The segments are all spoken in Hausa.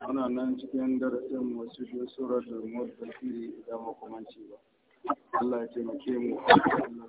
Ana nan cikin darasin wasu shi surar da mordafiri idan makamanci ba. Allah ya taimake mu. Allah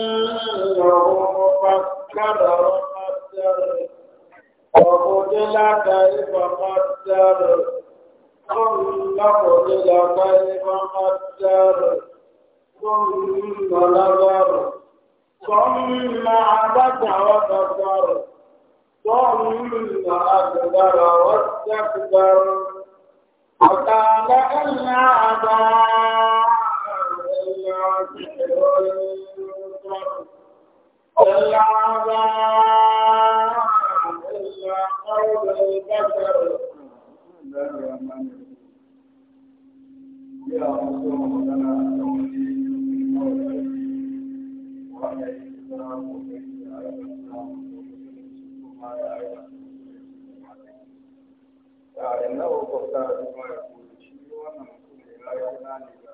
a Thank you. العذاب إلا قول البشر يا رسول الله وعلى السلام وعلى السلام da nawa kwafta da kuma da na ne ga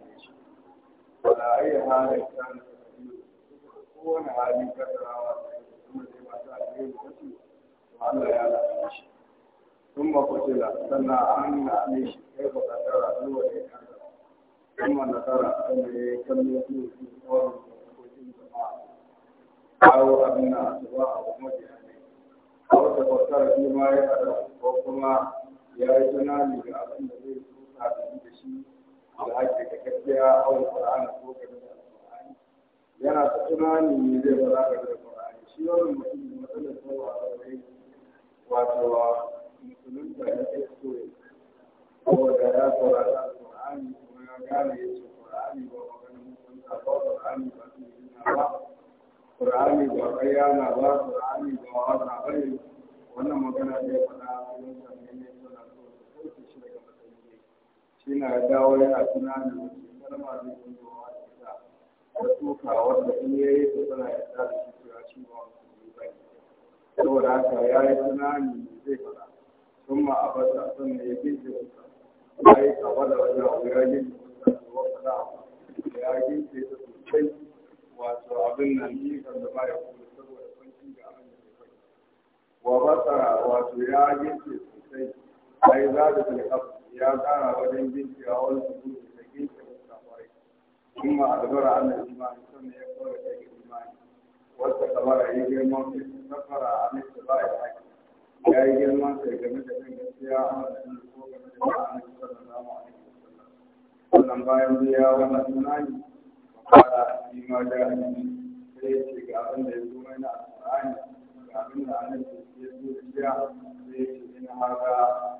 wala ayi halin kan kowane hali kuma sai masu alheri kashi to Allah ya lafiya shi sannan shi ya tsawon asuba a kuma jihani a wata fasara shi ma ya ko kuma ya yi abin da zai da shi alhaji da a au ko yana ta tunani ne zai fara game da qur'ani shi wannan mutum matsalar a ne wato musulun da yake so ya saboda ya saurara alqur'ani kuma ya gane ya ce qur'ani ba maganin ba qur'ani ba su yi ba qur'ani ba ba qur'ani ba wata bane wannan magana zai faɗa cikin shi na dawo yana tunanin wasu kalma zai yi wa ita ta tuka wanda in ya yi ta tana ya tsara shi cewa shi ba musulmi ba saboda haka ya yi tunani zai fara sun ma a bata sannan ya gije wuta ya yi kaba da wajen abu ya gije wuta da wata da ya gije ta sosai wato abin nan yi kan da ba ya kuma saboda kwanci ga abin da ya fai wa bata wato ya gije sosai a yi zaɗa da ya ya kara wajen a wani su da gince musamman kuma albara an imani sannan ya kawai da imani wata kamara ya girman fi safara a nisa ba ya haƙi ya yi girman sai game da kan gaskiya a madadin ko game da ma'anar sallallahu alaihi wasallam wannan bayan biya wannan tunani fara shi ma da sai ya ce ga abin da ya zo mai na alƙur'ani ga abin da annabi ya zo da shi sai ya ce ina haka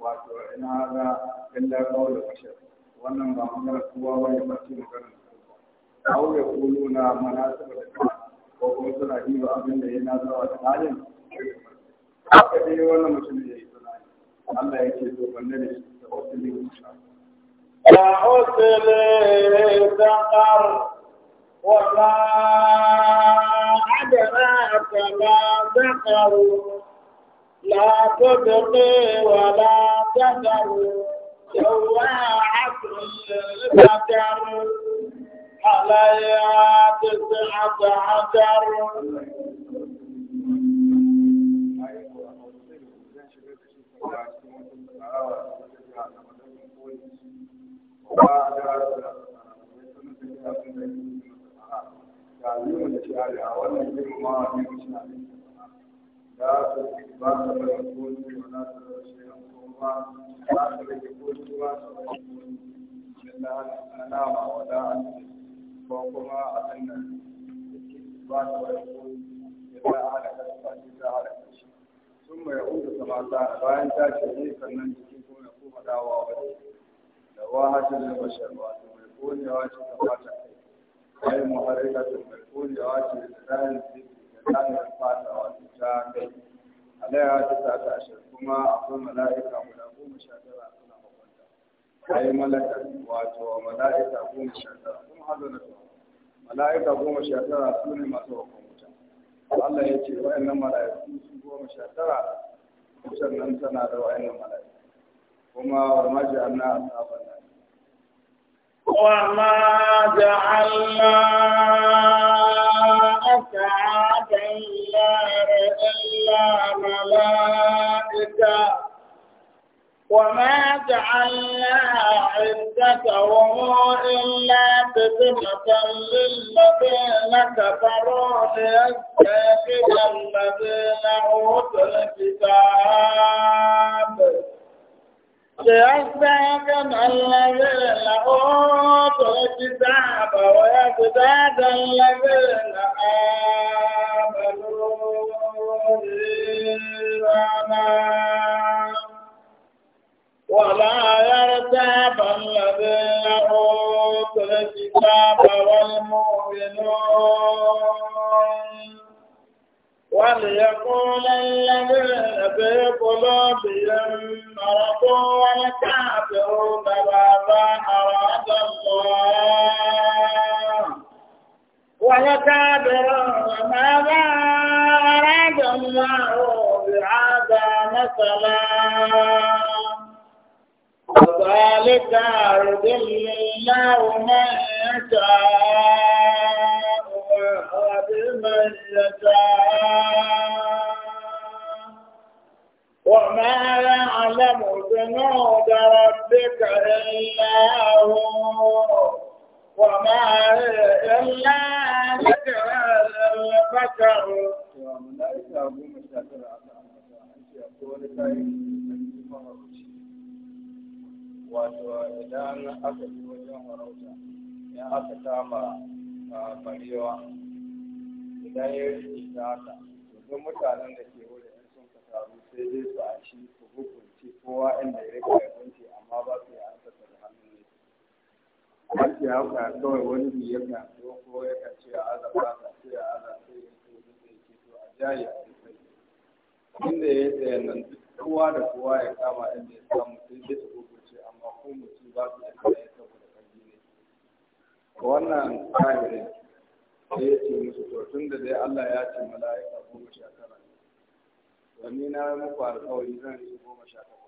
wato Ina in hada kawo da bashar wannan ba magana kowa ba ya bace magana aw ya kuluna manasaba da kuma ko kuma suna yi diba abin da yana zawa da halin haka dai wannan mutum ya yi tunani Allah ya ce to banne da shi da wasu ne ya usli taqar ta أدراك ما ذكروا لا تبقي ولا تذر جواعة للبشر عليا تسعة عشر Thank you. Wata ce ne sannan jikin kuma ya kuma dawa wa wani da wahashin da bashar wata mai kone wa ce da fata kai, kayan tsakanin fata wato ta kai alaiha ta ta ta ashir kuma akwai mala'ika guda goma sha tara suna makwanta ai malaka wato mala'ika goma sha tara kuma hazo na tsawo mala'ika goma sha tara su ne masu wakon Allah ya ce wa'annan mala'iku goma sha tara nan da kuma a sabon nan وما جعلنا أسعارا النار إلا ملائكة وما جعلنا عندك عدتهم إلا فتنة للذين كفروا ليستيقن الذين أوتوا الكتاب ليستيقن الذين أوتوا الكتاب ويزداد الذين آمنوا آمنوا إلا ولا يرتاب الذين أوتوا الكتاب والمؤمنون وليقول الذين في قلوبهم مرض والكافرون ماذا أراد الله وهو كافر ماذا أراد الله بهذا مثلا وذلك يضل الله من يشاء وما يعلم جنود ربك إلا هو وما إلا wato idan aka ji wajen warauta ya aka kama barewa idan ya riƙe mutanen da ke wurin sun ka taru sai dai su a shi su hukunci kowa inda ya riƙe ya amma ba su yi ake hauka kawai wani bi ya kan zo ko ya kan ce a azaba ka ce a azaba sai ya ce duk da to a jaye a sai inda ya tsaya nan kowa da kowa ya kama inda ya samu sai ya ta ce, amma ko mutum ba su da kai da kanji ne wannan kafirin sai ya ce musu to tun da dai Allah ya ce mala'ika goma sha tara domin na yi muku alƙawari zan yi goma sha tara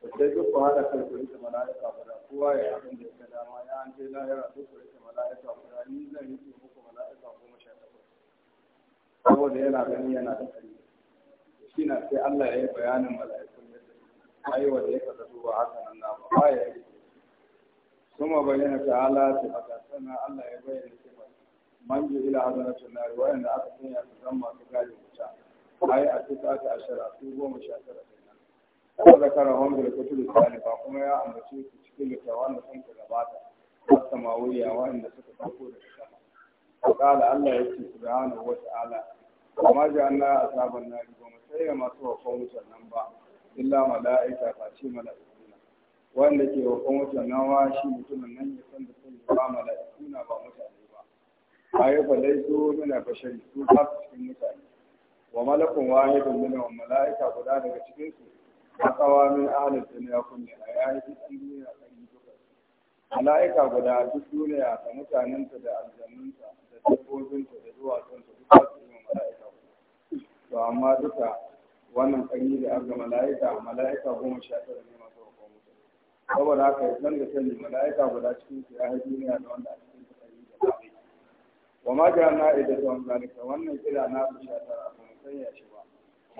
sai duk ku haɗa kai ku rike mala'ika guda kowa ya yi abin da ya dama ya an je lahira duk ku rike mala'ika guda ni zan rike muku mala'ika goma sha takwas saboda yana gani yana da kai shi na sai Allah ya yi bayanin mala'ikun yadda ai wanda ya kaza duba haka nan na ba ba ya yi kuma bayyana ta ta'ala ta fata sannan Allah ya bayyana ba. man ji ila na nari wa'anda aka sanya su zama su gadi wuta ai a tuka ta ashara su goma sha tara kuma zakara wanda da kutu da ba kuma ya ambace su cikin littawa da sun ka gabata ta mawuya wanda suka tafi da hana. to kala Allah ya ce subhanahu wa ta'ala amma ji anna asaban nari ba musayya masu wa kwamutan ba illa mala'ika ka ce mala'ikuna wanda ke wa kwamutan wa shi mutumin nan ya san da sun ba mala'ikuna ba mutane ba a yi fa dai su nuna fashari ba cikin mutane wa malakun wahidun nuna wa mala'ika guda daga cikinsu matsawa min ahalin duniya kunya a yayi cikin duniya ɗari duka mala'ika guda duk duniya ta mutanenta da aljannunta da dabbobinta da duwatsunta duk za su yi mala'ika to amma duka wannan ƙanyi da arga mala'ika mala'ika goma sha tara ne masu hukun mutum saboda haka ya san da sani mala'ika guda cikin su ya yi duniya da wanda a cikin ta ƙanyi da ba wa ma na idan ta zalika wannan kira na su sha tara kuma sanya shi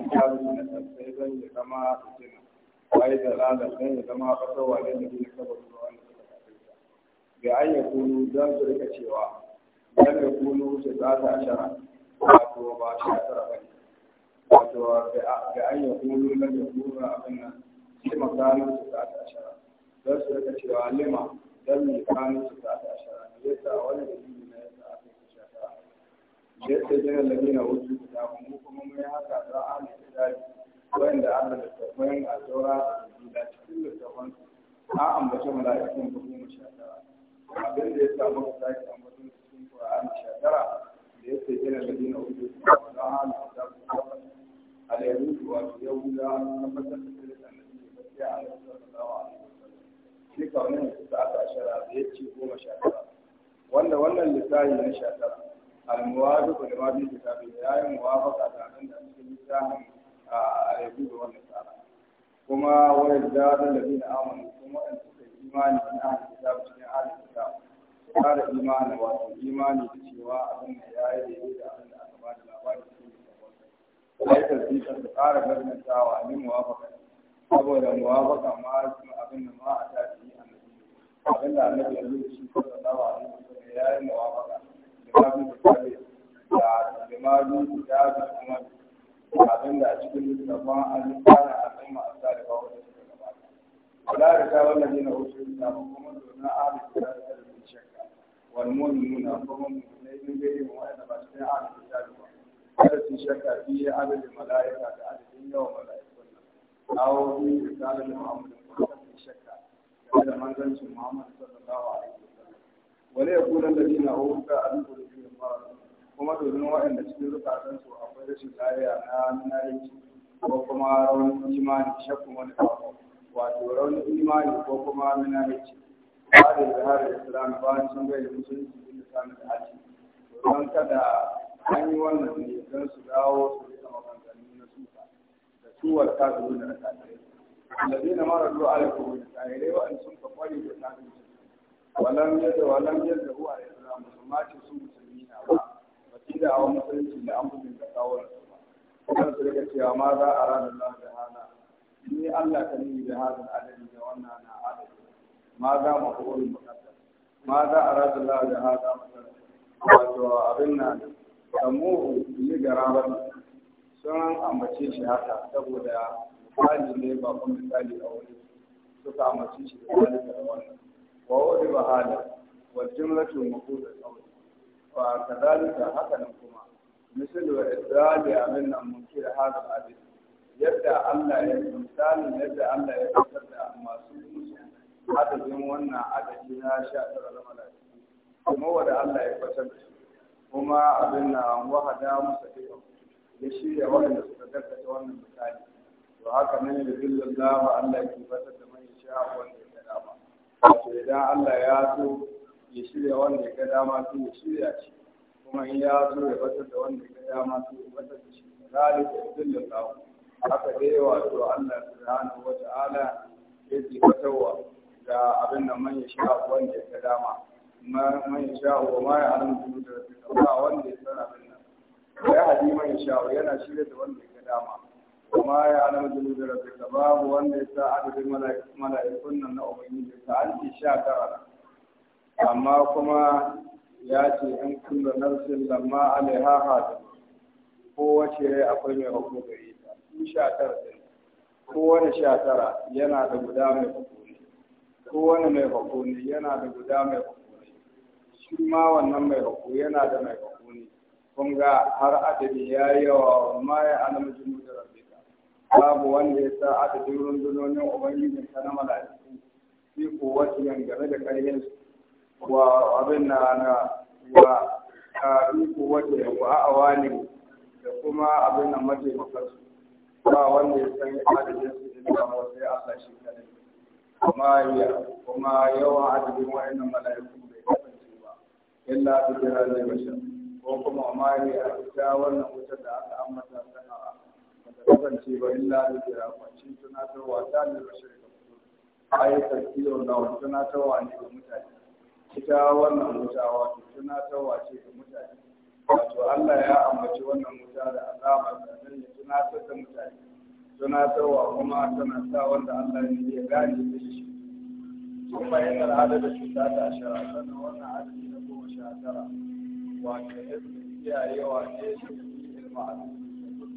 kitabu na sai zan yi zama fitina wai da lada zan yi zama da wanda bi an ya kunu don su rika cewa dan ya kunu su za ta ashara wato ba shi ashara ba wato bi an ya kunu dan ya kunu abin nan sai makarin su za ta su rika cewa lima dan makarin su za ta ashara ne yasa wani da da ya sai jinan lamina wasu da mu kuma mun haka da ahli kitabi wanda Allah da tafsirin a saura da da cikin littafin a ambace mala'ikun goma sha tara abin da ya samu ka sake ambaton cikin Qur'an sha tara da ya sai jinan lamina wasu da ahli kitabi al-yahud wa yahuda na fatar da kiran da ke gaskiya a sallallahu alaihi wasallam shi kawai ne su ta ashara da yace goma sha tara wanda wannan lissafi na sha tara almuwadu ko da wani kitabi ya yi muwafaka da abin da cikin littafin a yabu da wannan tsara kuma wani zaɗin da bin amon kuma waɗanda suka yi imani na ahli kitab cikin ahli kitab su ƙara imani wato imani cewa abin da ya yi da abin da aka ba da labari cikin littafin sa ai tasdiƙa su ƙara gaggantawa ne muwafaka saboda muwafaka ma abin a annabi abin da ya yi shi sallallahu alaihi wasallam ya limamin misali da limamin da da kuma abin da a cikin littafin alifana a kan masu talifa wanda suka gabata. Kula da ta wannan yana wasu littafin kuma domin ahalin da ta da bin shakka. Wani mummi nuna kuma mummunai bin gari ma wa'anda ba su kai ahalin da ta Kada su shakka fiye adadin mala'ika da adadin yawan mala'ikun nan. Awo biyu da ta da Muhammadu kuma kada su shakka. Kada manzancin Muhammadu sallallahu alaihi wa wale ya kudan da dina a ruka a duk da dina ba kuma domin waɗanda cikin zukatan su akwai rashin lafiya na narici ko kuma raunin imani shakku wani kawo wato raunin imani ko kuma minarici ba da zaharar islam ni sun gaida musulunci inda sami da haji don kada an yi wannan ne don su dawo su rika maganganu na suka da ta kasu da na kafirai. Alladina mara zuwa alaikum da kafirai wa'an sun ka da kafirai walam yadda walam yadda huwa islam musulmaci su musulmi na ba ba su da hawa musulunci da an bugun da tsawon su ba kuma su rika cewa ma za a ranar Allah da hana ni Allah ka nuni da hazin adadi da wannan na adadi ma za mu kowar bukatar ma za a ranar Allah da hana wato abin nan samuhu yi garabar sun ambace shi haka saboda misali ne ba kuma misali a wani suka ambace shi da misali da wannan wa wadi bahala wa jumlatu maqul al-qawl wa kadhalika hakan kuma misalu idrali amin da hada hadith yadda Allah ya misali yadda Allah ya fitar da masu musu adadin wannan adadi na sha tara na malaiku kuma wanda Allah ya fitar da shi kuma abin na wahada musa ya shirya waɗanda suka gaskata wannan misali to haka nan da billan Allah Allah ke fitar da mai sha wanda ya dama wato idan Allah ya so ya shirya wanda ya ga dama sai ya shirya shi kuma in ya so ya batar da wanda ya ga dama sai ya batar da shi zalika yudillallahu haka dai wato Allah subhanahu wa ta'ala yake fatawa ga abin da man ya sha wanda ya ga dama man ya sha wa ma ya alamu da wanda ya san abin nan ya hadi man ya sha yana shirya da wanda ya ga dama kuma ya alamu jini da rabbika babu wanda ya sa adadin mala'ikun nan na da ta an sha tara amma kuma ya ce in kullu nafsin lamma alaiha hadu kowace akwai mai hukun gare ta sha tara din kowane sha tara yana da guda mai hukuni kowane mai hukuni yana da guda mai hukuni shi ma wannan mai hukuni yana da mai hukuni kun ga har adadi ya yi yawa ma ya alamu jini babu wanda ya sa adadin rundunonin ubangijin sa na mala'iku fi kowace yangare da ƙarfin wa abin na na wa fi kowace wa wani da kuma abin na mace makarsu ba wanda ya san adadin su in ba wasu ya Allah shi kare kuma ya kuma yawan adadin wa'annan mala'iku bai kasance ba illa bi jira zai bashar ko kuma ma ya ta wannan wutar da aka ambata kasance ba illa da jira kwanci tunatarwa ta ne a yi tafi yau na wani tunatarwa ne ga mutane ita wannan wuta wato tunatarwa ce ga mutane wato Allah ya ambaci wannan wuta da azabar da zan yi tunatar da mutane tunatarwa kuma tana sa wanda Allah ne ya gane da shi Sun yana da hada da cuta ta ashara sannan wannan adadi na goma sha tara wato ya kiyayewa ne shi ilma'adu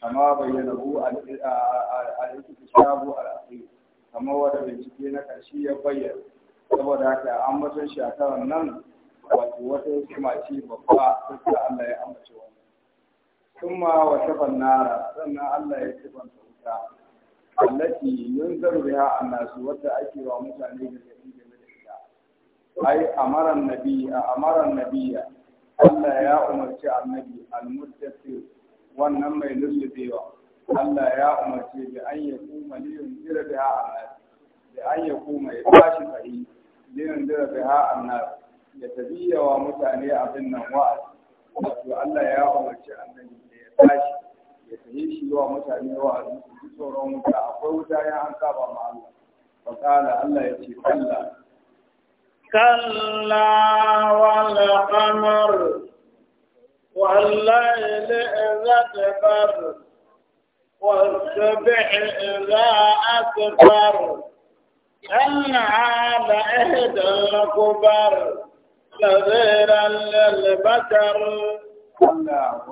kama bayyana hu al-istiqabu al-akhir kama wanda bincike na karshe ya bayyana saboda haka an mutun shi a kan nan wato wata hikima ce babba sai Allah ya ambace wannan kuma wa tafan nara sannan Allah ya tafanta wuta allati yunzaru biha annasu wata ake wa mutane da gari game da ita ai amaran nabi a amaran nabiya Allah ya umarci annabi al-muddathir wannan mai lullubewa Allah ya umarce da an yi kuma liyun jira biha annas da an yi kuma ya tashi fahi liyun jira biha annas ya tabiyawa wa mutane abin nan wa'azi wato Allah ya umarce annabi da ya tashi ya tafi shi wa mutane wa'azi su ji tsoron wuta akwai wuta ya an saba ma Allah fa kala Allah ya ce kalla kalla wal qamar والليل إذا كبر والصبح إذا أكبر إنها لإحدى الكبر نذيرا للبشر الله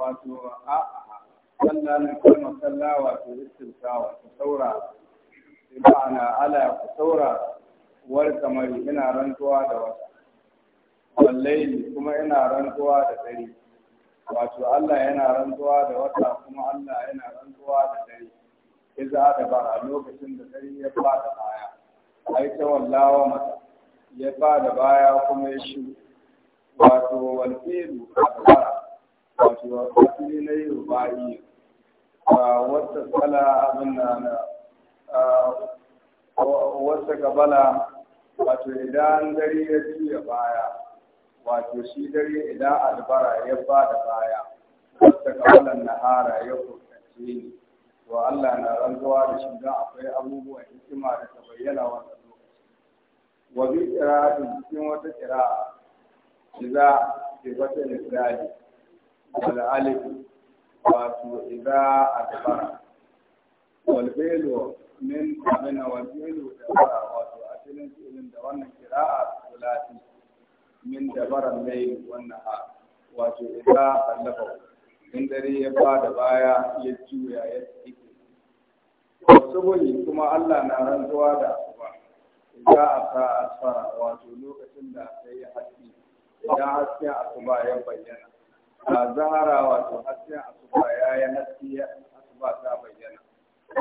صلى لكم صلى واتو على تصورا والقمر هنا رنتوا دوتا والليل كما هنا رنتوا دوتا wato Allah yana rantsuwa da wata kuma Allah yana rantsuwa da dare iza da bara lokacin da dare ya fada baya ai ta wallawa mata ya fada baya kuma ya shi wato walfilu a dabara wato asali na yi a wata tsala abin na wata gabala wato idan dare ya ya baya wato shi dare idan albara ya ba da baya wata kawalan nahara ya kurkace ni to Allah na rantsuwa da shi don akwai abubuwan hikima da ta bayyana wannan lokaci wa bi da cikin wata qira'a idza bi wata nisra'i wal alif wato idza adbara wal min abana wal fi'lu da wato asalin fi'lin da wannan a sulati min dabaran mai wannan ha wato ita allafa in dare ya ba da baya ya juya ya tsike wasu wani kuma allah na rantsuwa da asuba za a sa asfara wato lokacin da aka yi haske idan hasken asuba ya bayyana a zahara wato hasken asuba ya yi haske asuba ta bayyana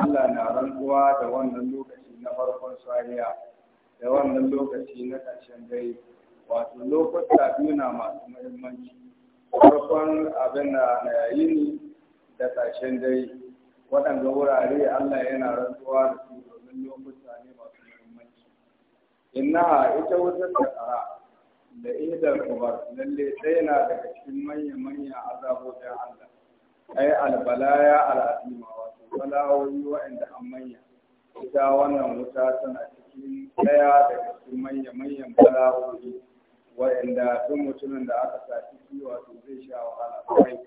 allah na rantsuwa da wannan lokaci na farkon sahiya da wannan lokaci na ƙarshen gari. wato lokuta biyu na masu muhimmanci farkon abin da na ne da ƙarshen dai waɗanda wurare Allah yana rantsuwa da su domin lokuta ne masu muhimmanci inna ita wutar da tsara da idar kubar lalle ɗaya na daga cikin manya-manyan azabojin Allah ai albalaya al'azima wato balawoyi waɗanda an manya ita wannan wuta tana cikin ɗaya daga cikin manya-manyan balawoyi wa'anda sun mutumin da aka saci shi wato zai sha wahala kwarai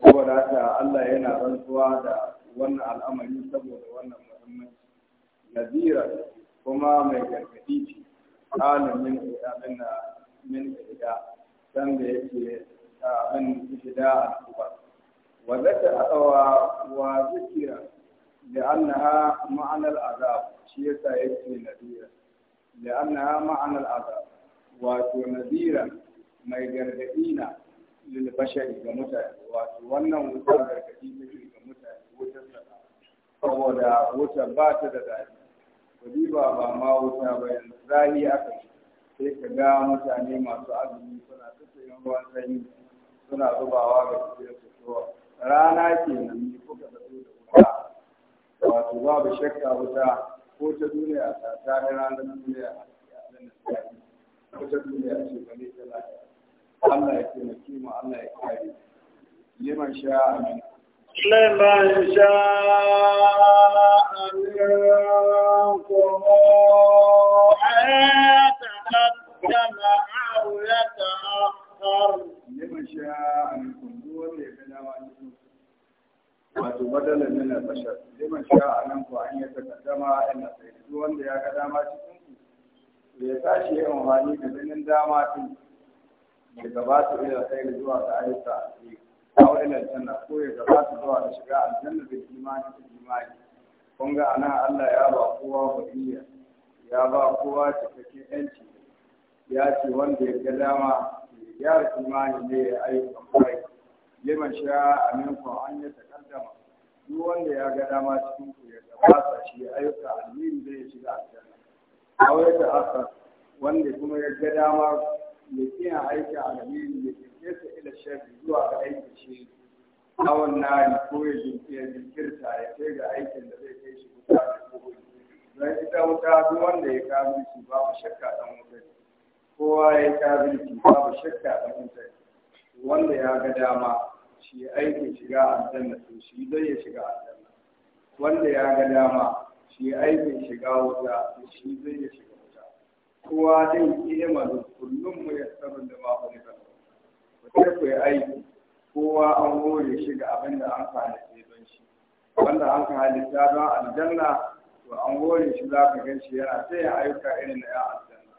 saboda haka Allah yana rantsuwa da wannan al'amari saboda wannan muhimmanci nazira kuma mai gargadi ce kalin min abin da min ida san da yake abin ida a tuba wa zaka atawa wa zikira da annaha ma'anar azab shi yasa yake nazira da annaha ma'anar azab wato nazira mai gargaɗi na lil bashari ga mutane wato wannan wutar gargaɗi take ga mutane wutar sana saboda wutar ba ta da zafi kuɗi ba ba ma wuta ba yanzu zahi aka yi sai ka ga mutane masu azumi suna yin ruwan sanyi suna zubawa ga cikin su rana ke nan ne kuka da da wuta wato babu shakka wuta ko ta duniya ta ta ranar duniya a cikin wata duniya ce ba ne ta lafiya Allah ya taimake mu Allah ya kare liman sha amin liman sha منكم أن يتقدم أو يتأخر لمن شاء منكم هو اللي بلا وأنتم wato badalan min al-bashar liman sha'a minkum an yi yataqaddama ila sayyidi wanda ya ga dama cikin da ya tashi ya amfani da ganin dama tun ya gabata ila kai zuwa ga ayyuka alheri aw ila janna ko ya gabata zuwa da shiga aljanna da imani da imani kun ga ana Allah ya ba kowa wadiya ya ba kowa cikakken yanci ya ce wanda ya ga dama ya gyara imani ne ya ayyukan kwarai liman sha aminkum an ya takaddama duk wanda ya ga dama cikin ku ya gabata shi ayyuka da zai shiga aljanna a wai da aka wanda kuma ya ga dama ya kiyan aikin alheri ya ke sa ila shafi zuwa ga aikin shi awon nari ko ya jinkirta jinkirta ya kai ga aikin da zai kai shi kusa da kogi don ita wuta duk wanda ya kawo shi babu shakka dan wuta kowa ya kawo shi babu shakka dan wuta wanda ya ga dama shi aikin shiga aljanna to shi zai ya shiga aljanna wanda ya ga dama shi aikin shiga wuta shi zai ya shiga wuta kowa dai kima da kullum mu ya sabon da ba ku da ku sai ku yi aiki kowa an hore shi ga abin da an halitta don shi wanda an halitta don aljanna to an hore shi za ka gan shi yana ta yin ayyuka irin na 'yan aljanna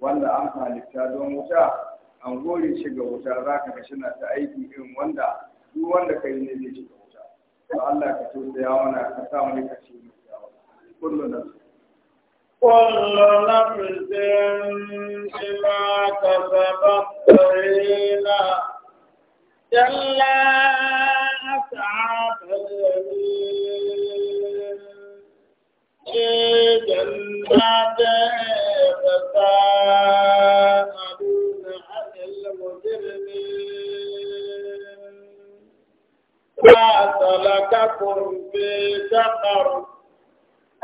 wanda an halitta don wuta an hore shi ga wuta za ka ga shi na ta aiki irin wanda duk wanda ka yi ne zai shiga wuta to Allah ka tausaya mana ka sa mu ne ka ce mu كل نفس كل نفس بما كسبت رهينة كلا أسعد اليمين في جنات يتساءلون عن المجرمين ما سلككم في سقر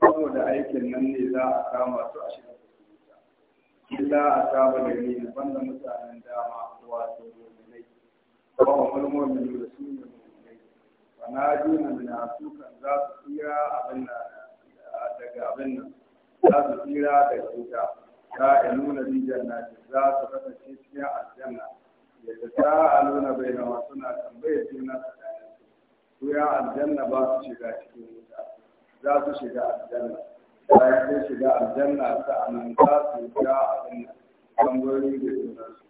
saboda aikin nan ne za a kama su a shirin su wuta za a saba da ni banda mutanen dama wato ba wa mulmomi da su ne mu'minai Ba na juna min asukan za su tsira abin daga abin nan za su tsira da wuta ta nuna rijiyar na za su kasance cikin aljanna yadda ta a nuna bai na na tambayar juna tsakanin su ya aljanna ba su shiga cikin wuta za su shiga aljanna bayan sun shiga aljanna ta aminta su shiga abin tambayoyi da junansu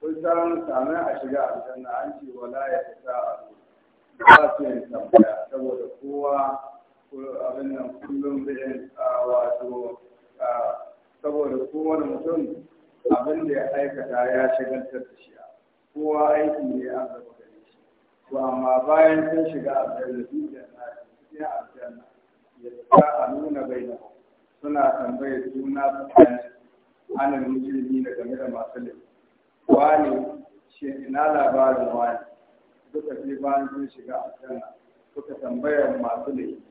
kun san same a shiga aljanna an ce wala ya sa a ba su yin tambaya saboda kowa abin nan kullum zai wato saboda kowane mutum abin da ya aikata ya shagaltar da shi kowa aiki ne a gaba gare shi to amma bayan sun shiga aljanna duk da na cikin aljanna ya a nuna baina suna tambayar juna tsakanin anan musulmi da game da masu laifi wani shi ina labarin wani duka sai bayan sun shiga aljanna suka tambayar masu laifi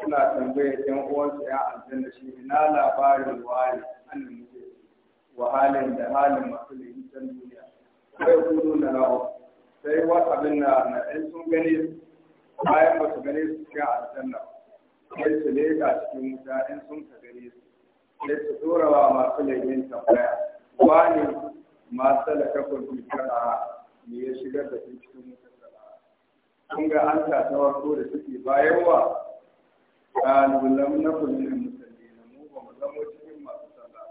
suna tambayar yan uwansu ya aljanna shi ina labarin wani anan musulmi wa halin da halin masu laifi can duniya kai kudu na rawa sai wata abin na na sun gani bayan ba su gani su cikin aljanna sai su leka cikin wuta in sun ka gare su sai su dora masu laifin tambaya ne masu lakakon fitara ne ya shigar da su cikin wuta sana'a kun ga an ta ta da suke bayan wa ɗalibulan na kullum musulmi na mu ba mu zamo cikin masu sallah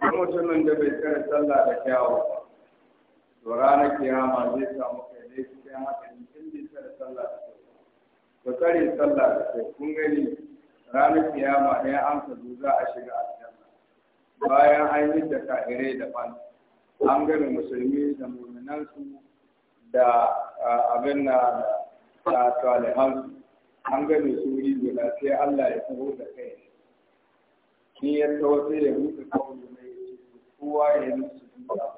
ba mutumin da bai kare sallah da kyawu ba to ranar kiyama zai samu kai ne cikin hakan in bai kare sallah da bakari tsare sallah da kun gani ranar kiyama ɗaya amsa kazu za a shiga aljanna bayan an yi da da daban an gani musulmi da su da abin na da salihansu an gani su yi guda Allah ya taho da kai ni ya taho sai ya buɗe kawo mai kowa ya yi su guda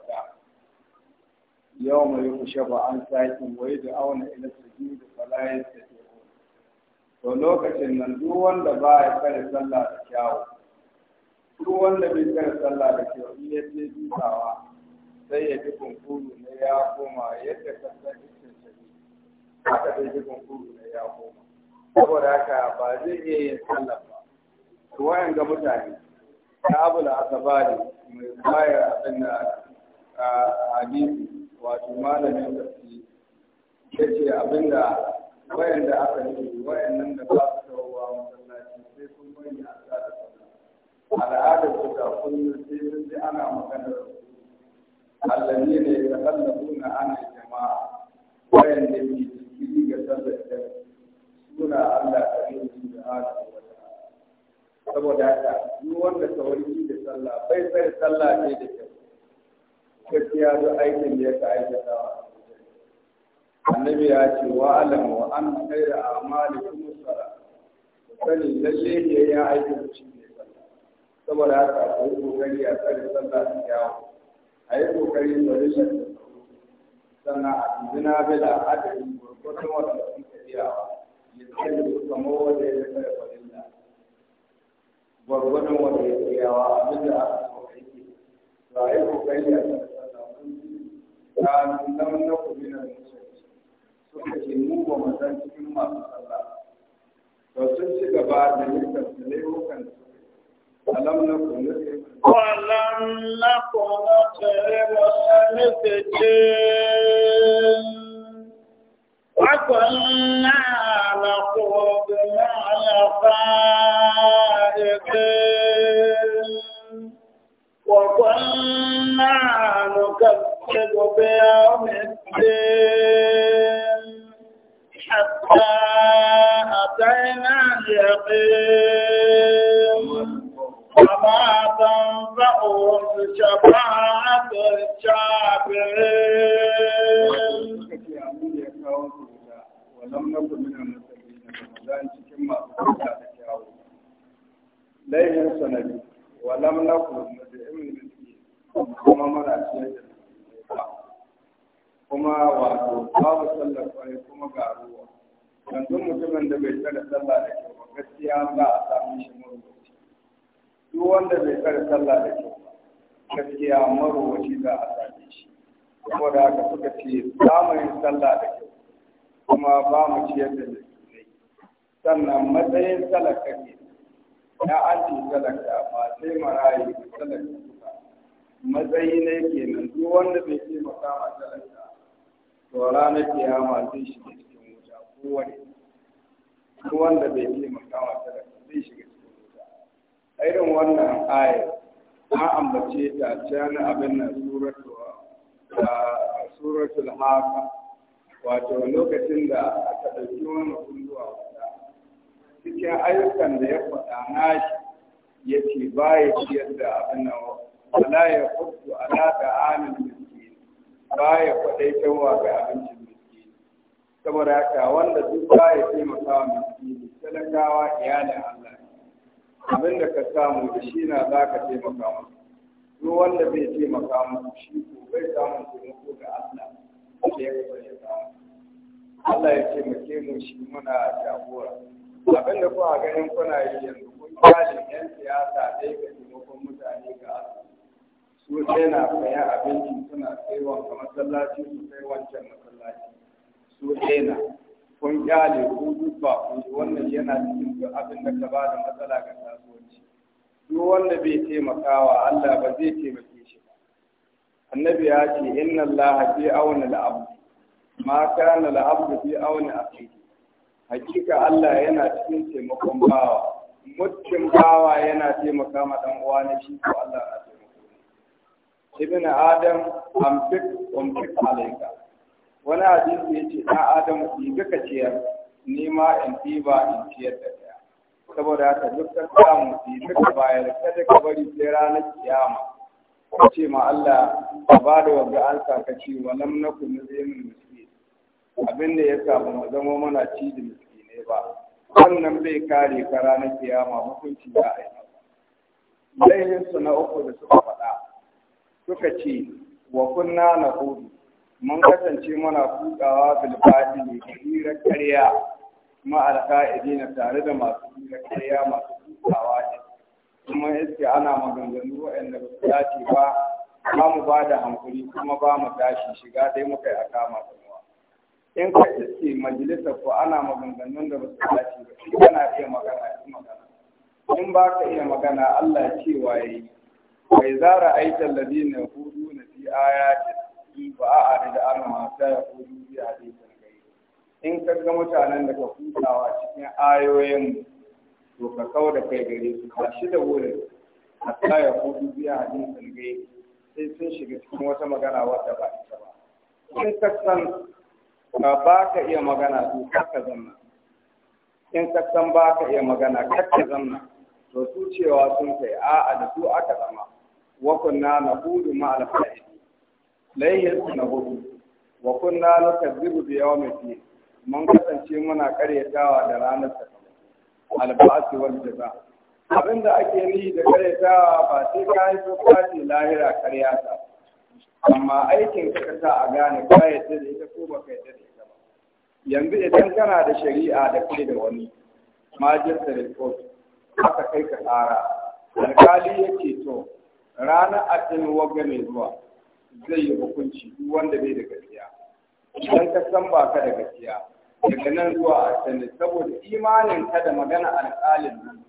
yau mai kushe ba an sakin yi da auna ila su da to lokacin nan duk wanda ba ya kare sallah da kyawu duk wanda bai kare sallah da kyawu in ya je dukawa sai ya ji kunkuru ne ya koma yadda kasar ikin shari haka zai ji kunkuru ne ya koma saboda haka ba zai iya yin sallah ba to wayan ga mutane ta abu da asabari mai bayar abin da hadisi wato malamin ce abin abinda wayanda aka yi nan da ba su tawowa masallaci sai sun bari a sa da sallah al'adar su ga kullum sai sun ji ana magana maganar allani ne ya tallafu na ana jama'a wayanda ke jikiri ga sallar da suna Allah kare su da hada saboda haka duk wanda tawarki da sallah bai sai sallah ne da kyau gaskiya duk aikin da ya ka aikatawa annabi ya ce wa alam wa an khairu a'malikum sala sani lalle ne ya aiki mutum ne saboda haka ko kokari a tsare sallah da yawo a yi kokari da rashin sannan a tuzina bila adadin gurgurdan ya tsaye ya ya tsayawa abin da aka so kai kokari a sallah ta na suka ce mu ba mu san cikin masu sallah to sun ci gaba da yin tafsirai hukan su ألم نكن ولم نكن نطعم المسكين وكنا نخوض مع الخائفين وكنا نكذب بيوم الدين حتى أتينا اليقين وما تنفعهم شفاعة الشافعين ولم da kyawu laihin kuma mara ciyar da ba kuma wato babu sallar kwarai kuma ga ruwa yanzu mutumin da bai tsara sallah da kyau ba gaskiya ba a samu shi marubuci duk wanda bai tsara sallah da kyau ba gaskiya marubuci za a same shi saboda haka suka ce samun sallah da kyau kuma ba mu ciyar da miskinai sannan matsayin talaka ne ya an talaka ba sai marayi talaka matsayi ne kenan duk wanda bai taimaka ma talaka to ranar kiyama zai shiga cikin wuta kowane ko wanda bai taimaka wa talaka zai shiga cikin wuta irin wannan ayar an ambace ta can abin nan suratu suratul ah, haka wato lokacin da aka ɗauki wani kunduwa wuta cikin ayyukan da ya faɗa nashi ya ce baya ciyar da abin nan wala ya kudu ala da amin baya kwadaitarwa ga abincin miskini saboda haka wanda duk baya taimaka wa miskini talakawa iyalin Allah abin da ka samu da shi na za ka taimaka masa duk wanda bai taimaka masa shi ko bai samun taimako ga Allah da ya ya samu Allah ya taimake mu shi muna jagora abin da kuka ganin kuna yi yanzu kun kalin yan siyasa dai ga taimakon mutane ga Allah su sai na saya abinci suna kai wanka masallaci su kai wancan masallaci su ɗaya kun kyale ko duk ba ku wannan yana cikin duk abin da ka bada matsala ga kasuwanci duk wanda bai taimakawa Allah ba zai taimake shi ba annabi ya ce inna Allah fi auni al-abd ma kana al-abd fi auni akhihi hakika Allah yana cikin taimakon bawa mutum bawa yana taimaka ma dan uwa ne shi ko Allah ibn adam amfik umfik alayka wani hadisi ya ce ɗan adam ɗibi ka ciyar nima in ɗiba in ciyar da ɗaya saboda haka duk ka samu ɗibi ka bayar kada ka bari sai ranar kiyama ka ce ma Allah ka ba da wanda an ka ci wa lam zai nuzimin abin da ya samu mu zama mana ci da ne ba wannan bai kare ka ranar kiyama hukunci za a yi masa. na uku da suka faɗa suka ce wa kunna na hudu mun kasance muna kudawa bil ne da hirar kuma ma na tare da masu hirar karya masu kudawa ne kuma iske ana maganganu waɗanda ba su dace ba ba mu ba da hankuri kuma ba mu tashi shiga dai muka yi a kama in ka iske majalisa ko ana maganganun da ba su dace ba shi kana iya magana in ba ka iya magana Allah cewa ya yi kai zara aikin ladina hudu na fi ayati ba a arida an mata ya hudu bi hadisin gai in ka ga mutanen da ka hutawa cikin ayoyin to ka kawo da kai gare su ba shi da wurin hatta ya hudu bi hadisin gai sai sun shiga cikin wata magana wadda ba ita ba in ka ba ka iya magana to ka zanna in ka ba ka iya magana ka zanna to su cewa sun kai a'a da su aka zama wa kunna nahudu ma al-fa'idi layhin nahudu wa kunna nukazzibu bi yawmin din mun kasance muna karyatawa da ranar ta jaza abinda ake yi da karyatawa ba sai ka yi tsofati lahira karyata. amma aikin ka sa a gane ka yadda da ita ko ba ka yadda da ita ba yanzu idan kana da shari'a da kai da wani majalisar report aka kai ka tsara alkali yake to a cikin wagga mai zuwa zai yi hukunci duk wanda bai da gaskiya idan ka san ba ka da gaskiya daga nan zuwa sani saboda imanin ka da magana alƙalin nan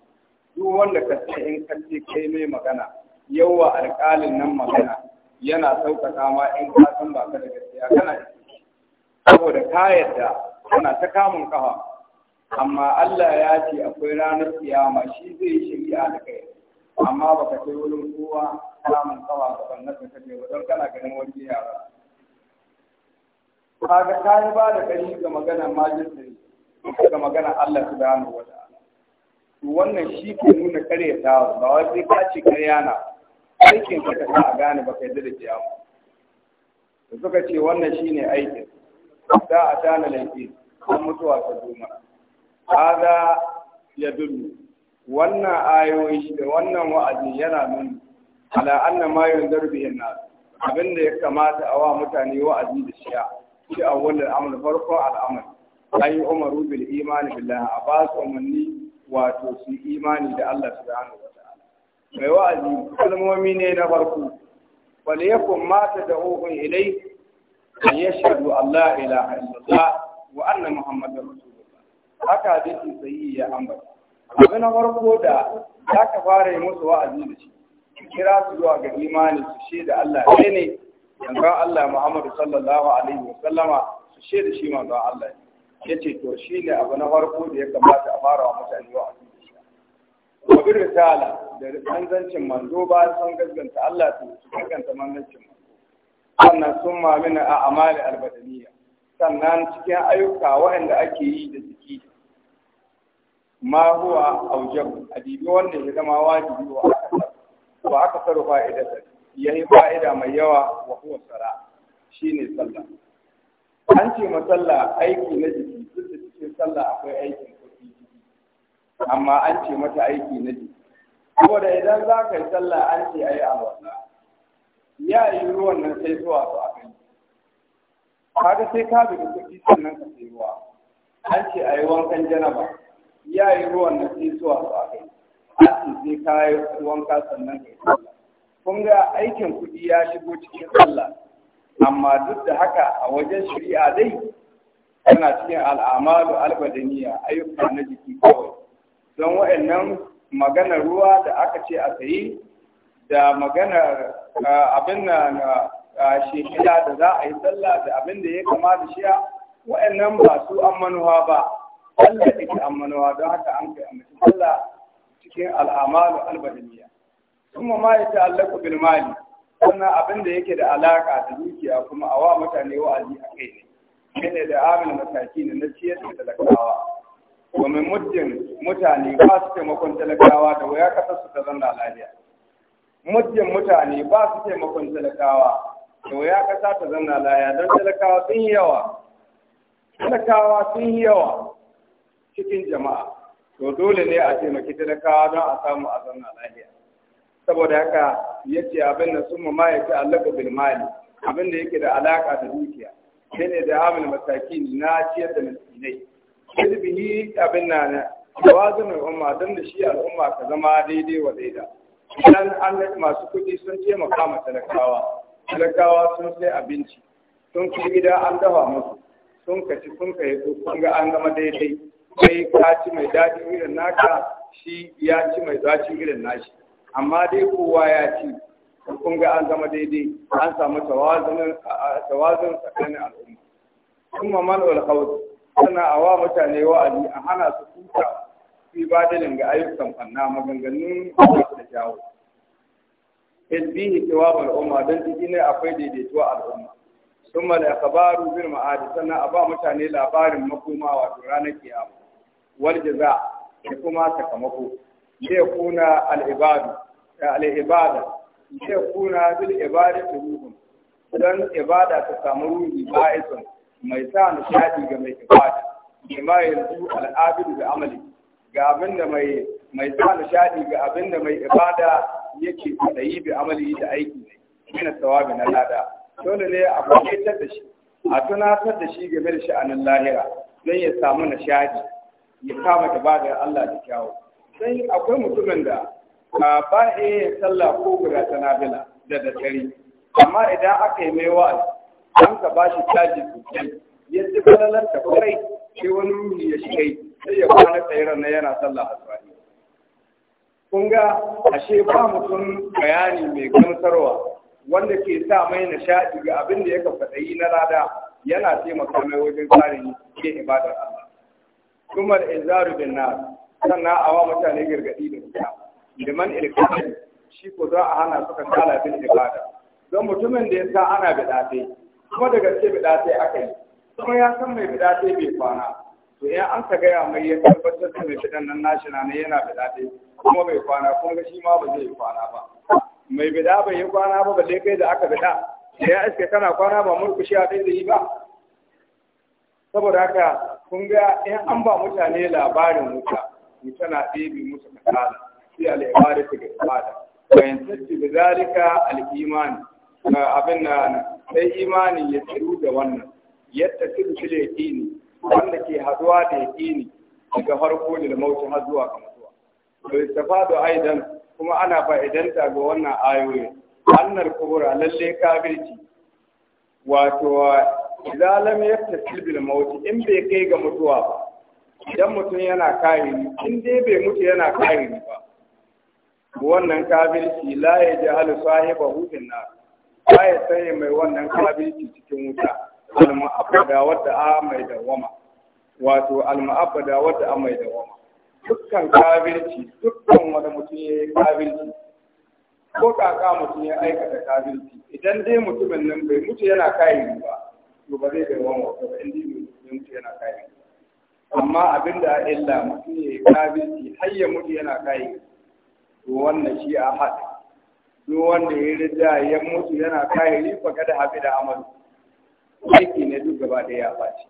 duk wanda ka san in ka ce kai mai magana yawa alƙalin nan magana yana sauƙaƙa ma in ka san ba ka da gaskiya kana saboda ka yadda kana ta kamun kafa amma Allah ya ce akwai ranar kiyama shi zai shirya da kai amma baka kai wurin kowa samun tsawa da bannan da kake ba kana ganin wani yara kaga ta yi ba da gani ga magana majalisari ga magana Allah subhanahu wa ta'ala wannan shi ke nuna kare ta ba wai sai ka ce karya na aikin ka ta a gane baka yi da kiyama da suka ce wannan shi ne aikin za a tana laifi an mutuwa ta zuma Aza ya dubi wannan ayoyi da wannan wa'azi yana nuni ala anna ma yunzar bihi nas abin da ya kamata a wa mutane wa'azi da shiya shi awwal al-amr farko al-amr ay umaru bil iman billah a ba su umanni wato su imani da Allah subhanahu wataala mai wa'azi kalmomi ne na farko wal yakum ma tad'uhum ilay an yashhadu an la ilaha illallah wa anna muhammadar rasulullah haka hadisi sahihi ya ambata abu na farko da za ka fara yi musu wa'azi da shi kira su zuwa ga imani su she da Allah ne ne yankan Allah Muhammadu sallallahu alaihi wa sallama su she da shi manzo Allah ya ce to shi ne abu na farko da ya kamata a fara wa mutane wa'azi da shi wa bi risala da manzancin manzo ba sun gaskanta Allah su su gaskanta manzancin manzo sannan sun mamina a amali albadaniya sannan cikin ayyuka waɗanda ake yi da su ma huwa aujab adibi wannan ya zama wajibi wa akasar wa akasar fa'idatar yayi fa'ida mai yawa wa huwa sara shine sallah an ce masalla aiki na jiki duk da cikin sallah akwai aikin kuɗi amma an ce mata aiki na jiki saboda idan za ka yi sallah an ce a yi alwala ya yi ruwan nan sai zuwa su a kan kaga sai ka bi kuɗi sannan ka sai ruwa an ce a yi wankan janaba ya yi ruwan na sai zuwa su a ce sai ka yi wanka sannan ka yi kun ga aikin kuɗi ya shigo cikin sallah amma duk da haka a wajen shari'a dai yana cikin al'amalu albadaniya ayyuka na jiki kawai don wa'annan maganar ruwa da aka ce a tsaye da maganar abin na shekila da za a yi sallah da abin da ya kamata da shiya wa'annan ba su an manuwa ba Allah da ke ammanawa don haka an kai amince Allah cikin al'amalu albadaniya kuma ma ya Allah bil mali Kuma abin da yake da alaka da dukiya kuma a wa mutane wa'azi a kai ne shine da amin mataki ne na ciyar da talakawa wa min muddin mutane ba su taimakon talakawa da waya kasa su ta zanna lafiya muddin mutane ba su taimakon talakawa da waya kasa ta zanna lafiya don talakawa sun yi yawa talakawa sun yi yawa cikin jama'a to dole ne a taimaki talakawa don a samu a zauna lafiya saboda haka ya ce abin da sun ma ya ce allaka bil mali abin da yake da alaka da dukiya shi ne da hamil mataki na ciyar da miskinai ilbihi abin na na tawazun al'umma don da shi al'umma ka zama daidai wa daida idan an masu kuɗi sun taimaka ma talakawa talakawa sun sai abinci sun kai gida an dafa musu sun kaci sun kai kun ga an gama daidai kai ka ci mai daɗi irin naka shi ya ci mai zaci irin nashi amma dai kowa ya ci kun ga an zama daidai an samu tawazun tsakanin al'umma kuma man alhaus suna awa mutane wa'azi a hana su kuka fi badalin ga ayyukan fanna maganganun da jawo izbihi tawabul al'umma dan ciki ne akwai daidaituwa al'umma summa al-akhbaru bil ma'adi sannan a ba mutane labarin makoma wato ranar kiyama wal jaza da kuma sakamako zai kuna al'ibadu al'ibada zai kuna bil ibada ta ruhun don ibada ta samu ruhi ba'isun mai sa nishadi ga mai ibada ma yanzu al'abidu da amali ga abin da mai mai sa nishadi ga abin mai ibada yake tsayi bi amali da aiki ne yana tsawabi na lada dole ne a kwatantar da shi a tunatar da shi game da sha'anin lahira don ya samu nishadi ya kama da Allah da kyawu sai akwai mutumin da ba iya sallah ko guda ta nafila da daddare amma idan aka yi mai wa'azi an ka ba shi caji sosai ya ci falalar ta kai sai wani ruhi ya kai sai ya kwana tsayar na yana sallah asali kun ga ashe ba mutum bayani mai gamsarwa wanda ke sa mai nishaɗi ga abin da ya kafa na lada yana taimaka mai wajen tsarin ke ibadar Allah kuma izaru bin nar sannan a wa mutane gargadi da wuta liman ilkafi shi ko za a hana suka kala bin ibada don mutumin da ya sa ana bidatai kuma da gaske bidatai aka yi kuma ya san mai bidatai bai kwana to ya an ka gaya mai ya tabbatar da mai bidan nan nashi na yana bidatai kuma bai kwana kuma shi ma ba zai kwana ba mai bida bai yi kwana ba ba balle kai da aka bida sai ya iske kana kwana ba mulku a kai da yi ba saboda haka kun ga in an ba mutane labarin wuta wuta na ɗebe musu kasala sai al'ibada su ga ibada bayan da zalika al'imani abin na sai imani ya tsiru da wannan yadda tudu shi da yaƙini wanda ke haduwa da yaƙini daga farko da mauti har zuwa ga mutuwa to istafadu aidan kuma ana fa'idanta ga wannan ayoyi annar kubura lalle kafirci wato idan lam yattasil bil maut in bai kai ga mutuwa ba idan mutum yana kahiri in dai bai mutu yana kahiri ba wannan kafirci la ya jahalu sahibahu bin na ba ya sanya mai wannan kafirci cikin wuta al maabada wadda a mai dawama wato al maabada wadda a mai dawama dukkan kafirci dukkan wanda mutum ya yi kafirci ko kaka mutum ya aikata kafirci idan dai mutumin nan bai mutu yana kahiri ba to ba zai bai wani ba in dini musulunci yana kayan amma abin da illa mutum ya yi kabinci har ya mutu yana kayan to wannan shi a haɗa duk wanda ya rida ya mutu yana kayan rifa kada hafi da amalu aiki ne duk gaba ɗaya ya ɓaci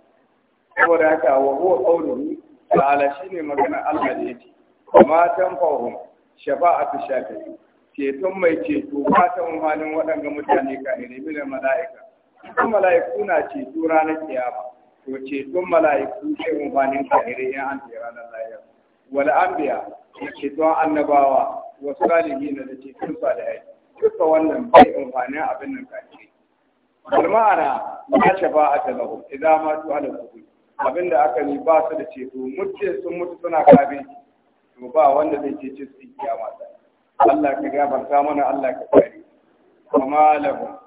saboda haka wa huwa qawluhu ta'ala shine magana Allah ne yake amma tanfa'uhum shafa'atu shafi'i ceton mai ceto ba ta umarnin waɗanda mutane ka ne min mala'ika cikin mala'iku na ceto ranar kiyama to ceton mala'iku sai umfanin kahire in an tsaye ranar lahiyar wal anbiya da ceton annabawa wa salihin da ceton salihai duka wannan bai umfanin abin nan kace wal ma'ana ma shafa'ata lahu idan ma tu ala kubur abinda aka yi ba su da ceto mutum sun mutu suna kabe to ba wanda zai cece su kiyama Allah ka gafarta mana Allah ka kare kuma lahu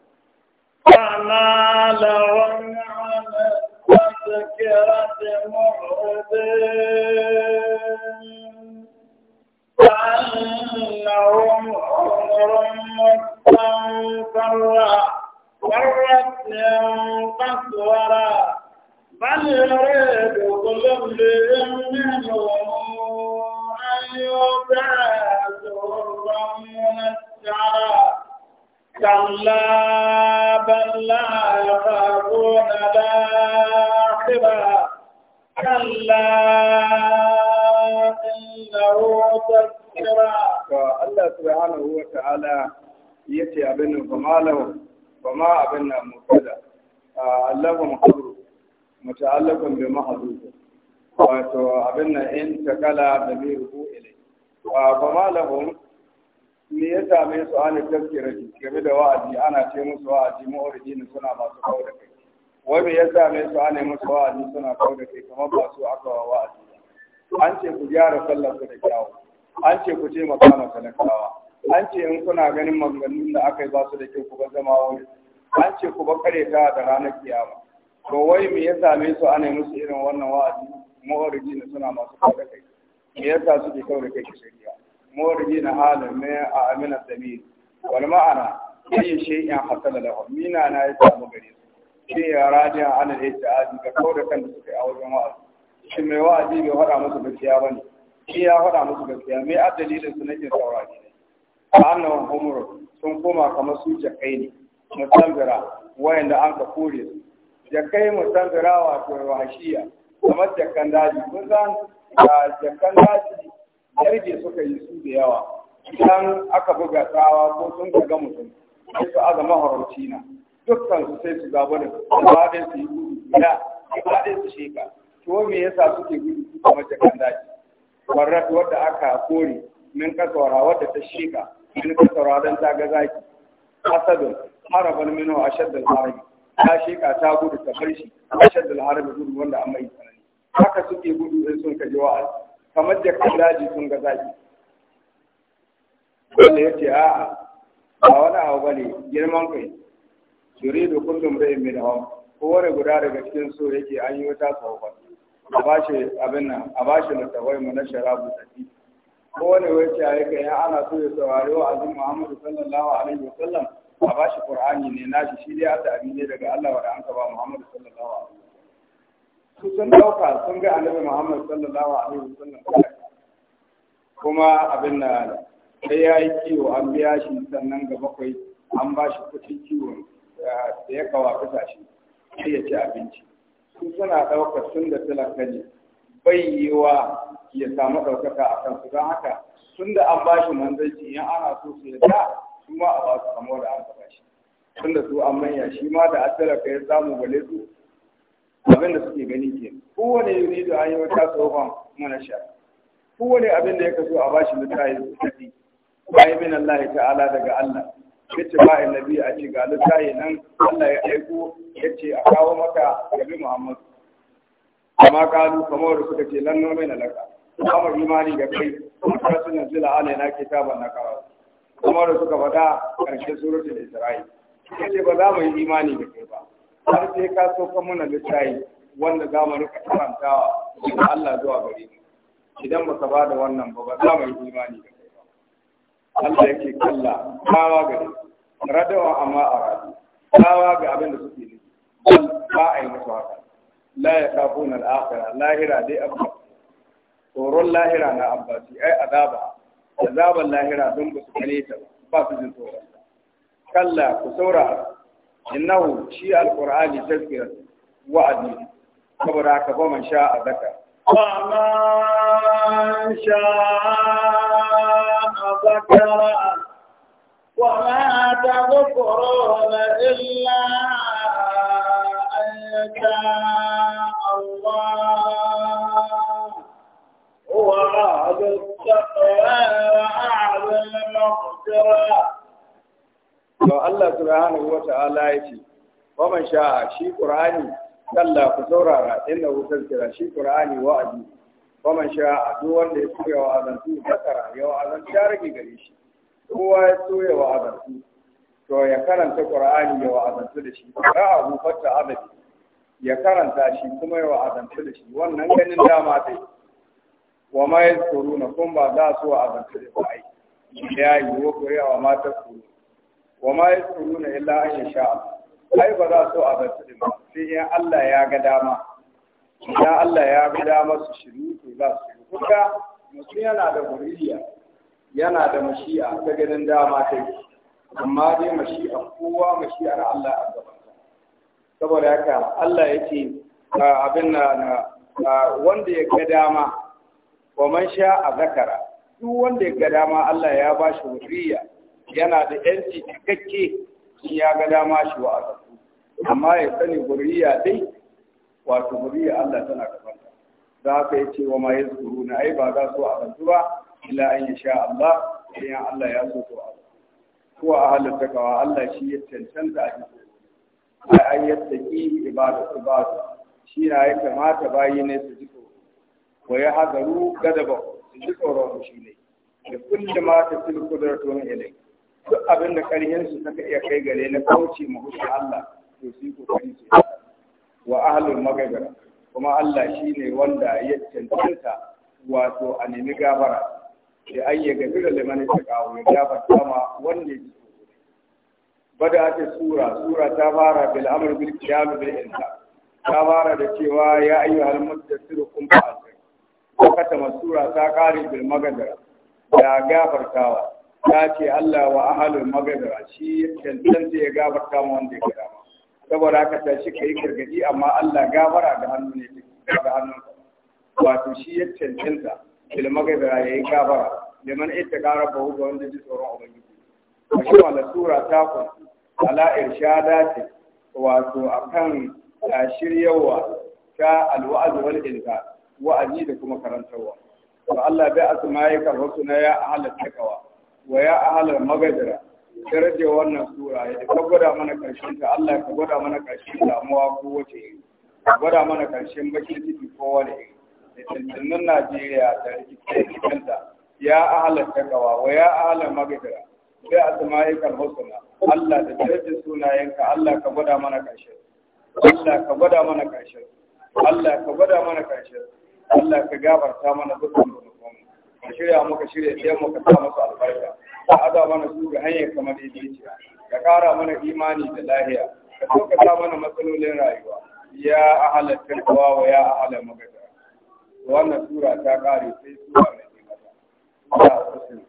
فما لهم على التذكرة معرضين كأنهم عمر مستنفرة مرت من قسورة بل يريد كل امرئ منهم أن يؤتى سرا منشرا كلا بل لا يخافون الآخرة كلا إنه تذكرة فالله سبحانه وتعالى يتي أبنه فما له فما أبنه مبتدا آه، اللهم قبر متعلق بمحظوظه wato abin إن in takala إليه آه، فما لهم ne ya same su ana tafkira game da wa'azi ana ce musu wa'azi ma'uridi ne suna masu kawo da kai wai me ya same su ana musu wa'azi suna kawo da kai kamar ba su aka wa wa'azi an ce ku gyara sallar su da kyawu an ce ku ce makama talakawa an ce in kuna ganin maganganun da aka yi ba su da kyau ku ba zama wani an ce ku ba kare ta da ranar kiyama to wai me ya same su ana musu irin wannan wa'azi ma'uridi ne suna masu kawo da kai me yasa suke kawo da kai shari'a morigi na halin ne a amina samir wal ma'ana ayi shay'in hasala lahum mina na ya samu gare su sai ya raja ala al-ittihadi ka kauda kan da suka a wajen wa'azi shi mai wa'azi bai faɗa musu gaskiya ne? shi ya faɗa musu gaskiya mai addalilin su nake saurari ne annawan umur sun koma kamar su jakai ne wayan da an ka kore su jakai musambira wato wahashiya kamar jakan daji kun san ga jakan daji yarje suka yi su da yawa idan aka buga tsawa ko sun kaga mutum sai su aza maharauci na dukkan su sai su zaba da gaba su yi gudu ya gaba su sheka to me yasa suke gudu su kamar jakan daji warrat wadda aka kore min kasawara wadda ta sheka min kasawara don ta ga zaki asadun harabar minu a shaddar harabi ta sheka ta gudu ta bar shi a shaddar harabi gudu wanda an mai tsanani haka suke gudu in sun kaji wa'azi kamar da kallaji sun ga zaki wanda ya ce a a wani abu ba ne girman kai shiri da kullum rai mai da wani guda daga cikin so yake an yi wata sauwa a ba shi abin nan a ba shi littafai mu na sharabu tafi kowane wace a yake ya ana so ya saurari wa azin muhammadu sallallahu alaihi wa sallam a ba shi qur'ani ne nashi shi dai a ne daga allah wa da an ka ba muhammadu sallallahu alaihi wa sallam sun dauka sun ga annabi Muhammad sallallahu alaihi wasallam kuma abin da sai ya yi kiwo an biya shi sannan ga bakwai an ba shi kuɗin kiwon eh, da ya kawo shi sai ya ci abinci su suna ɗaukar sun da talaka ne bai yi wa ya samu ɗaukaka a kansu don haka sun da an ba shi manzanci in ana so su yadda su ma a ba su kamar da an faɗa shi tun da su an manya shi ma da asalaka ya samu gale su abin da suke gani ke kowane yuri da an yi ta tsohon mana sha kowane abin da ya kaso a bashi littafi su tafi bayan min Allah ta'ala daga Allah ya ce ba annabi a ce ga littafi nan Allah ya aiko ce a kawo maka gabi Muhammadu. amma kalu kamar da suka ce lan nome na laka kuma imani ga kai kuma sunan zila alaina taba na kawo kamar da suka faɗa ƙarshen Isra'i Isra'il ce ba za mu yi imani da kai ba har sai ka so ka muna littafi wanda za mu rika karantawa daga Allah zuwa gare mu idan ka ba da wannan ba ba za mu yi imani da kai ba Allah yake kalla kawa gare radawa amma a radu kawa ga abin da suke ne ba a yi musu haka la ya kafuna al'akhira lahira dai abba tsoron lahira na abbasi ai azaba azaban lahira don ba su kare ta ba su jin tsoron kalla ku saurara إنه شيء القرآن تذكر wa'adi saboda haka شاء man sha ومن شاء ذكر وما تذكرون إلا أن يشاء الله هو أهل التقوى وأهل المغفرة to Allah subhanahu wa ta'ala ya ce wa man sha'a shi qur'ani Allah ku saurara inna hu tazkira shi qur'ani wa'azi wa man sha'a duk wanda ya soya wa azantu zakara ya wa azan ya rage gare shi kowa ya soya wa azantu to ya karanta qur'ani ya wa azantu da shi abu fatta abadi ya karanta shi kuma ya wa azantu da shi wannan ganin dama dai wa ma na kun ba za su wa azantu da ku ai ya yi wa kuriya wa mata su wa ma yasruna illa an yasha ai ba za su a ba sai in Allah ya ga dama idan Allah ya ga dama su shiru to za su shiru kuka mutum yana da guriya yana da mashi'a ta ganin dama ta yi amma dai mashi'a kowa mashi'ar Allah a gaban saboda haka Allah ya ce abin na wanda ya ga dama wa man sha a zakara duk wanda ya ga dama Allah ya ba shi wuriya yana da yanci cikakke in ya ga dama shi wa a amma ya sani guriya dai wato guriya Allah tana kafanta Za ka yi ce ma ya zuru na ai ba za su a ba Ila an ya sha Allah idan Allah ya so to a ko a halitta kawa Allah shi ya cancanta a a ai ki ya su ba su shi na ya kamata bayi ne su ji tsoro wa ya hadaru gadaba su ji tsoron shi ne da kullum ma ta ilai duk abin da ƙarhin su suka iya kai gare na kauce ma hushin Allah to shi yi kokari su wa ahlul maghfira kuma Allah shine wanda ya cancanta wato a nemi gafara da an yi gafira liman taqaw ya gafarta ma wanda ya bada ta sura sura ta fara bil amr bil qiyam bil insa ta fara da cewa ya ayyuhal mudaththir qum fa'al ta katama sura ta kare bil maghfira da gafartawa Ya ce Allah wa ahalul maghfira shi cancanta ya gafarta mu wanda ya gada saboda haka ta shi yi gargadi amma Allah gabara da hannu ne da hannun wato shi ya cancanta gabara, maghfira yayi gafara liman ittaka rabbahu ga wanda ji tsoron ubangiji wato wala sura ta ku ala irshadati wato akan shiryawa ta alwa'd wal inka wa'azi da kuma karantarwa to Allah bai asma'ika husna ya ahalat takawa wa ya ahalar magajira daraja wannan sura ya ka gwada mana karshen ta Allah ka gwada mana karshen damuwa ko wace iri ka gwada mana karshen bakin ciki ko wani iri da tattalin Najeriya da rikicin ya ahalar takawa wa ya ahalar magajira sai a kan husna Allah da darajar sunayenka Allah ka gwada mana karshen Allah ka gwada mana karshen Allah ka gwada mana karshen Allah ka gabarta mana dukkan ka shirya muka shirya ɗiyan mu ka sa musu albarka ka aza mana su ga hanyar kamar idiciya ka ƙara mana imani da lahiya ka sauƙaƙa mana matsalolin rayuwa ya ahalar tarkawa wa ya ahalar magana wannan sura ta ƙare sai sura mai kimanta ya kusurci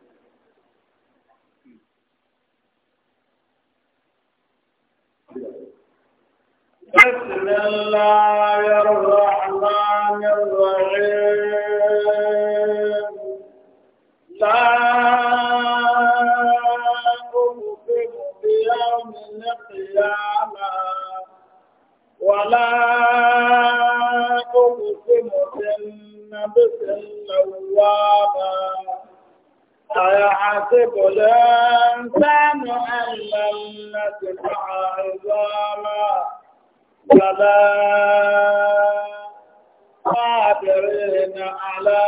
بسم الله الرحمن الرحيم خيالا ولا أقسم بالنفس اللوامة أيحسب الإنسان أن لن نجمع عظاما بلى قادرين على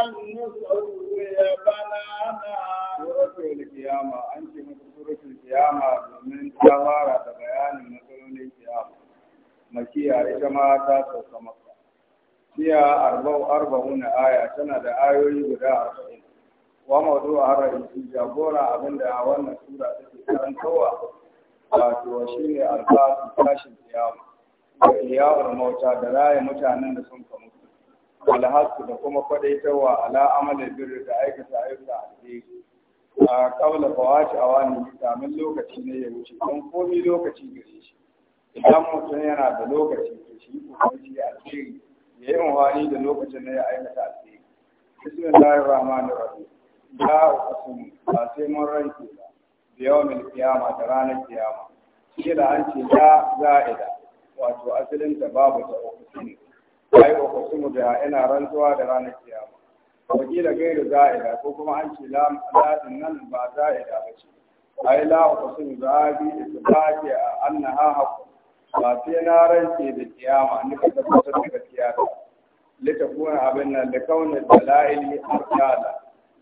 أن نسوي بنانا kiyama domin ta da bayanin matsalolin kiyama makiya ita ma ta sauka maka siya arba'u na aya tana da ayoyi guda arba'in wa mawdu a ra'isi jagora abinda a wannan sura take karantawa wato shine albasu tashin kiyama da iyawar mauta da raya mutanen da sun kamu alhasu da kuma kwadaitarwa ala amalin birri da aikata ayyuka alheri a kaula fawaci a wani kamin lokaci ne ya wuce don komi lokaci gare shi idan mutum yana da lokaci to shi shi a alheri ya yi amfani da lokacin da ya aikata alheri bismillahir rahmanir rahim la kuma ba sai mun ke ba bi yawmil kiyama da ranar kiyama. shi da an ce ya za'ida wato asalin da babu ta uqsimu ai uqsimu da ina rantsuwa da ranar kiyama. wakila gairu za'ida ko kuma an ce latin nan ba za'ida ba ce ai la uqsimu zabi isbati annaha haqq ba sai na rance da kiyama ni ka tabbatar da kiyama kuma abin nan da kauna dalaili arkala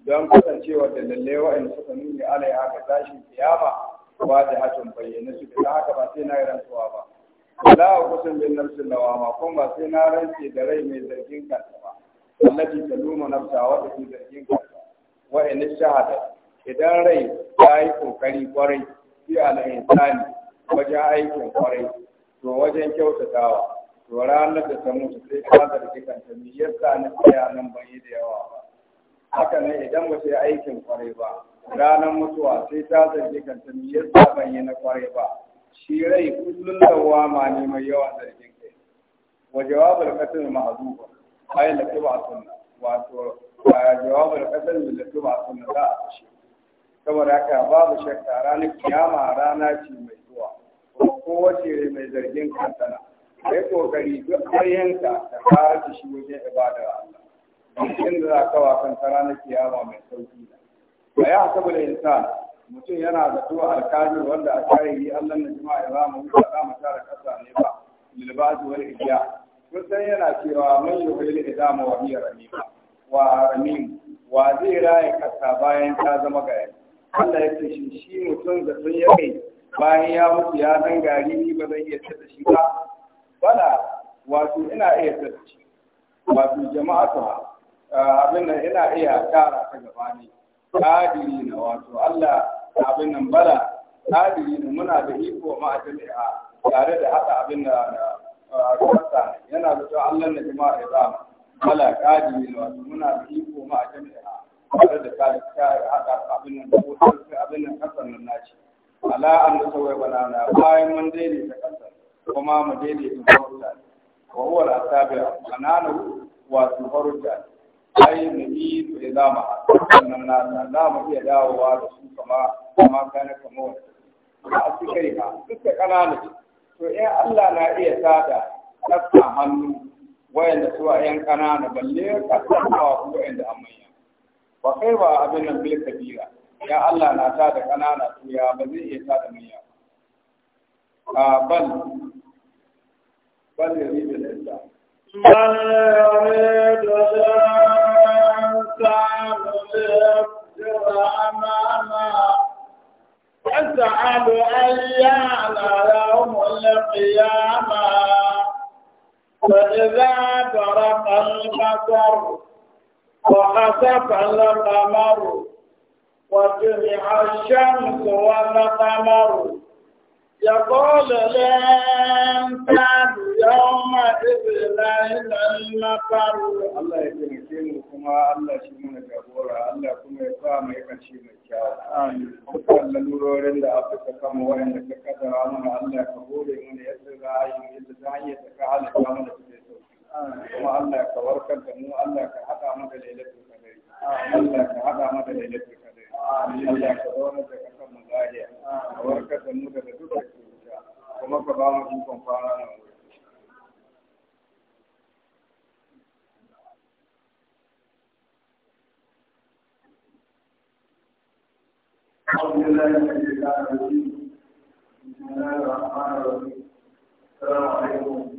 don kasancewa da lalle wa'in suka nuni alai haka tashin kiyama wa da hatun bayyana su da haka ba sai na rantsuwa ba la uqsimu bin lawa lawama kuma ba sai na rance da rai mai zargin kanta allati ta nafsa wa take zargin kasa wa in shahada idan rai ya yi kokari kwarai fi al-insani wajen aikin kwarai to wajen kyautatawa to ranar da ta mutu sai ta zargi kanta me yasa na tsaya nan ban yi da yawa ba haka nan idan ba ta yi aikin kwarai ba ranar mutuwa sai ta zargi kanta me yasa ban yi na kwarai ba shi rai kullum da wama ne mai yawan zargin kai wa jawabul qatl ma'zuba ayin da ke ba sunna wato jawabul qadar da ke ba sunna za a kashe saboda haka babu shakka ranar kiyama rana ce mai zuwa kowace mai zargin kantana kai kokari duk ayyanka da kara ta shi wajen ibadar Allah bikin za ka wasan ta ranar kiyama mai sauki da a yi hasabu insan mutum yana da tuwa alkali wanda a tarihi Allah na jima'a ya zama wuce a zama tara kasa ne ba lilbazi wani ijiya kusan yana cewa man da dama wa biyar ramima wa ramim wa zai raya kasa bayan ta zama gaya Allah ya ce shi shi mutum da sun yake bayan ya mutu ya san gari ni ba zan iya tada shi ba bala wato ina iya tada shi wato ta, abin nan ina iya kara ta gaba ne kadiri na wato Allah abin nan bala kadiri na muna da iko ma'ajali'a tare da haka abin da kasa yana da ta Allah na a izam mala kadi ne wato muna da iko ma a jami'a tare da ta hada abin nan ko sai abin nan kasan nan naci ala an da sawai banana bayan mun daidaita kasan kuma mu daidaita farauta wa huwa al-asabi'a banana wato farauta ai nabi to izama sannan na za mu iya dawowa da su kuma kama kana kama wanda a cikin ka duk da kanana to in Allah na iya sada kasa hannu wayanda suwa yan kanana balle wa hawa ko wayanda amanya ba kai ba abin nan bil kabira ya Allah na sada kanana su ya ba zai iya sada manya a bal bal yuri bil islam man yuridu an mu da amana تسأل أيان يوم القيامة فإذا برق البصر وخسف القمر وجمع الشمس والقمر يقول الإنسان يومئذ ليس المفر الله يجزيكم كما الله شمونا جابورا الله كما يقام يكشي مكياو آمين وقال لنورورين لأفتا كما وإن لك كدر عمنا الله كبولي من يسر رعي من يسر رعي يتكالي كما لك kuma Allah ka warkar da mu Allah ka haɗa mata lailatul Allah ka haɗa mata lailatul Allah ka zauna da kasan mu lafiya ka warkar da mu daga dukkan cuta kuma ka ba mu ikon kwana nan wuri الحمد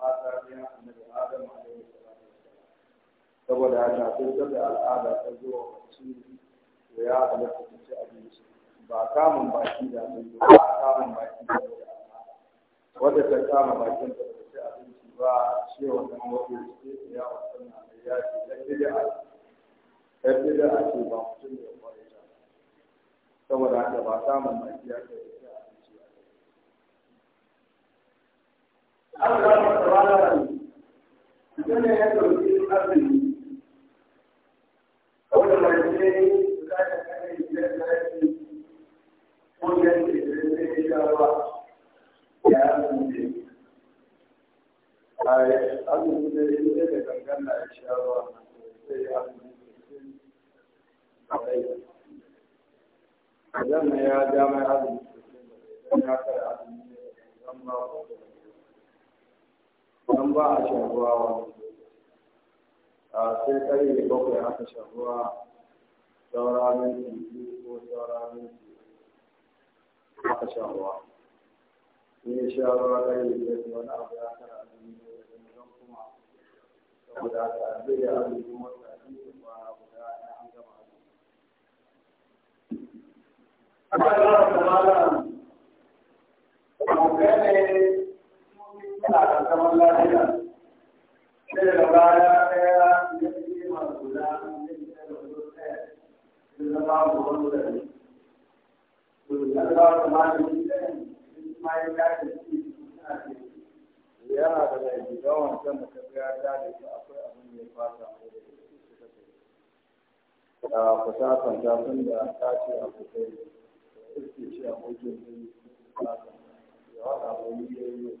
mata ɗayan annabi adam alaihi salatu saboda haka sai da al'ada ta zo wa mace to ya halatta ta ci abinci ba kamun baki da abinci ba kamun baki da wadda ta kama bakin ta ci abinci ba ce wannan wadda ce ya wannan ya ce ta bid'a ta a ce ba mutum ya kwarai saboda haka ba kamun baki ya kai Allah ya tsara da ya dauki arziki wanda mai ce za ta da ya ce zai ga ba ya da shi na mai ba da don ba a shan ruwa wani a sai kare da bakwai aka shan ruwa saura minti biyu ko saura minti aka shan ruwa ne sha ruwa kare da wani abu ya kara azumi ne da zan kuma saboda ta zai yi azumi wata da ba guda ya an gama azumi. Allah ya kamala, mu gane zaman ya guda da ɗaya sun zama gobe da da da ma ya shi yana da laifi don wancan da ka ga ya shi akwai abin da ya fata mai da shi suka ce a fasakon ta sun da ta ce a kusa da iske shi a hujjin da ya fata ya wata mai yi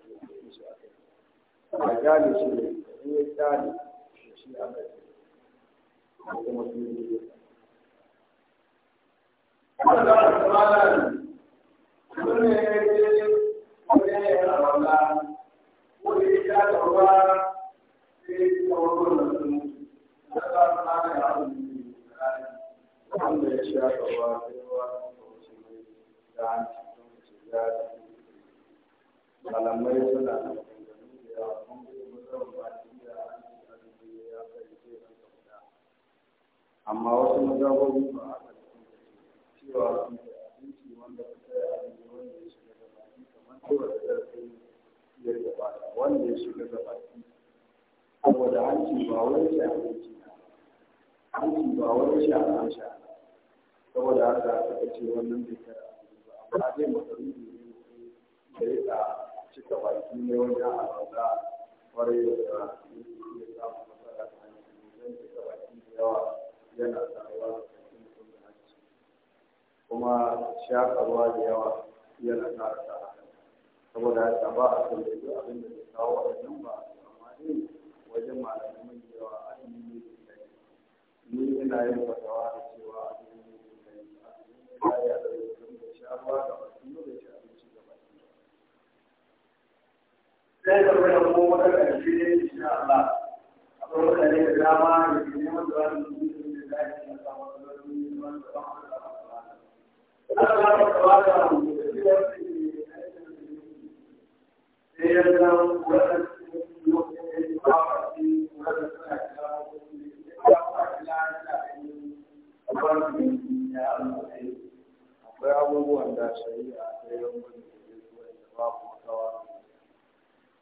a gane shi ne in ya gane shi aka ce ko kuma su yi kuma da wani kamala ne ne ko ne malamai suna amma wasu mazabobi ba a ƙarfin cewa sun da abinci wanda ka tsaya abinci wanda ya shiga da baki kamar cewa da zarafin ya gabata wanda ya shiga da baki saboda hanci ba wani shi abinci na hanci ba wani shi abinci na saboda haka suka ce wannan bai kara abinci ba amma dai masarufi ne da ya cika baki ne wajen al'ada kwarai da da ya samu matsala ta hanyar zan cika baki da yawa yana samuwa da cikin kuma hanci kuma shakarwa da yawa yana ƙara sa haka saboda haka ba a san da duk abin da ke kawo ba amma dai wajen malamin mai yawa yi ne da kai ni ina yin fatawa da cewa yi ne da kai azumi ne da a da shakarwa da sai da wani ko wata ƙarfi ne insha Allah akwai mutane da dama da ke neman da wani mutum da za a yi na samun da wani mutum da ba a da ba a da ba a da ba sai ya zama wani lokacin da ya ba a ci wani suna kira wani ya ba a kira da ya yi da da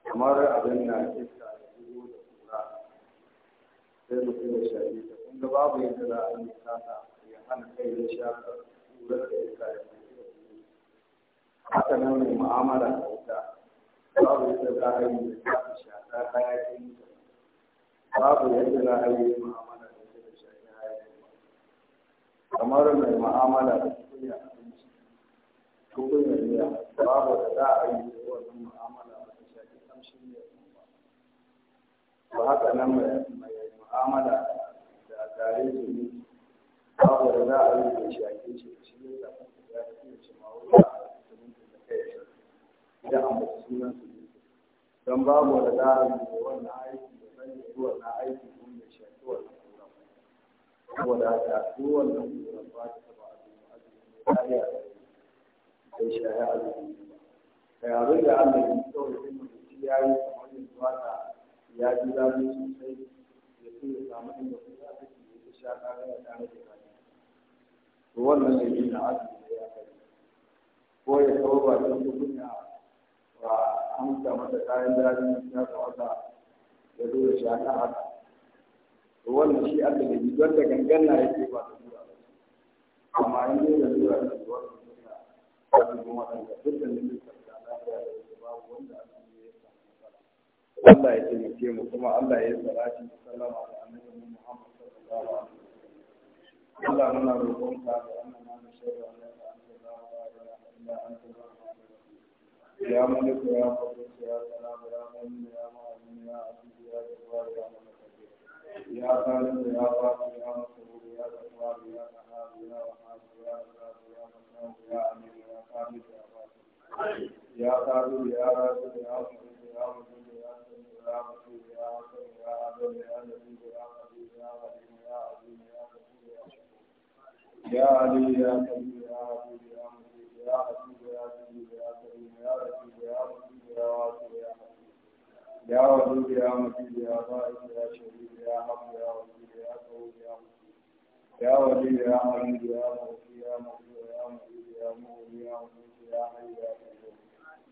kamar abin da na sa da duhu da kura sai mutum ya shafi ta kun babu yadda za a yi sata ya hana kai ya shafa kura da ya iska da duhu haka nan mai mu'amala da ita babu yadda za a yi da ta shafa hayakin ta babu yadda za a yi mu'amala da ita da shafi hayakin kamar mai mu'amala da kuya abinci kuya babu da za a yi da wannan ba haka nan mai mu'amala da tare su ne babu da za a yi da shi ake ce shi ne da kuma ya fi ce ma wuri a cikin da kai idan an mutu sunan su ne don babu da za a yi da wannan aiki da zan yi na aiki wanda shi ake wannan kura saboda haka duk wannan kura ba ta taba azumi azumi ta iya da shi ya yi da yaro da Allah ya yi kawai da ya yi kamar yanzu ya ji zafi sosai ya so ya samu inda kuma ta ke yi ta sha kara ya kara da baki to wannan da yi na azumi da ya kai ko ya kawo ba don kunya ba an samu da kayan zafi ya kawata ya zo ya sha haka. to wannan shi Allah da yi don da gangan na yake ba da zuwa amma in dai da zuwa da zuwa da zuwa da zuwa da zuwa da zuwa da zuwa da zuwa Allah ya taimake mu kuma Allah ya salati da sallama ga annabi Muhammad sallallahu alaihi wasallam Allah muna roƙon ka da annana da shirya annaka anta la ya malik ya ya salam ya ya mu'min ya aziz ya ya mutakabbir ya qadir ya fatir ya ya ghafar ya ya wahhab ya razzaq ya ya amin ya qamit ya fatir ya qadir ya razib ya mu'min ya da ya يا علي يا كريم يا عزيز يا مجيد يا حسيب يا جليل يا كريم يا لطيف يا مجيد يا واسع يا حكيم يا ودود يا مجيد يا بائس يا شهيد يا حق يا وزير يا قوي يا مجيد يا ولي يا حميد يا مغفي يا مغفور يا مجيد يا مغني يا مجيد يا حي يا قيوم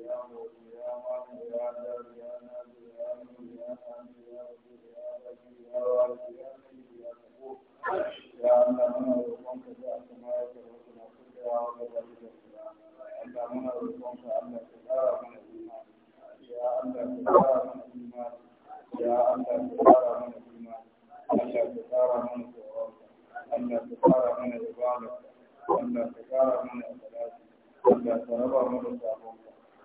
Allah ka kara mana salati Allah ka raba mana sabonka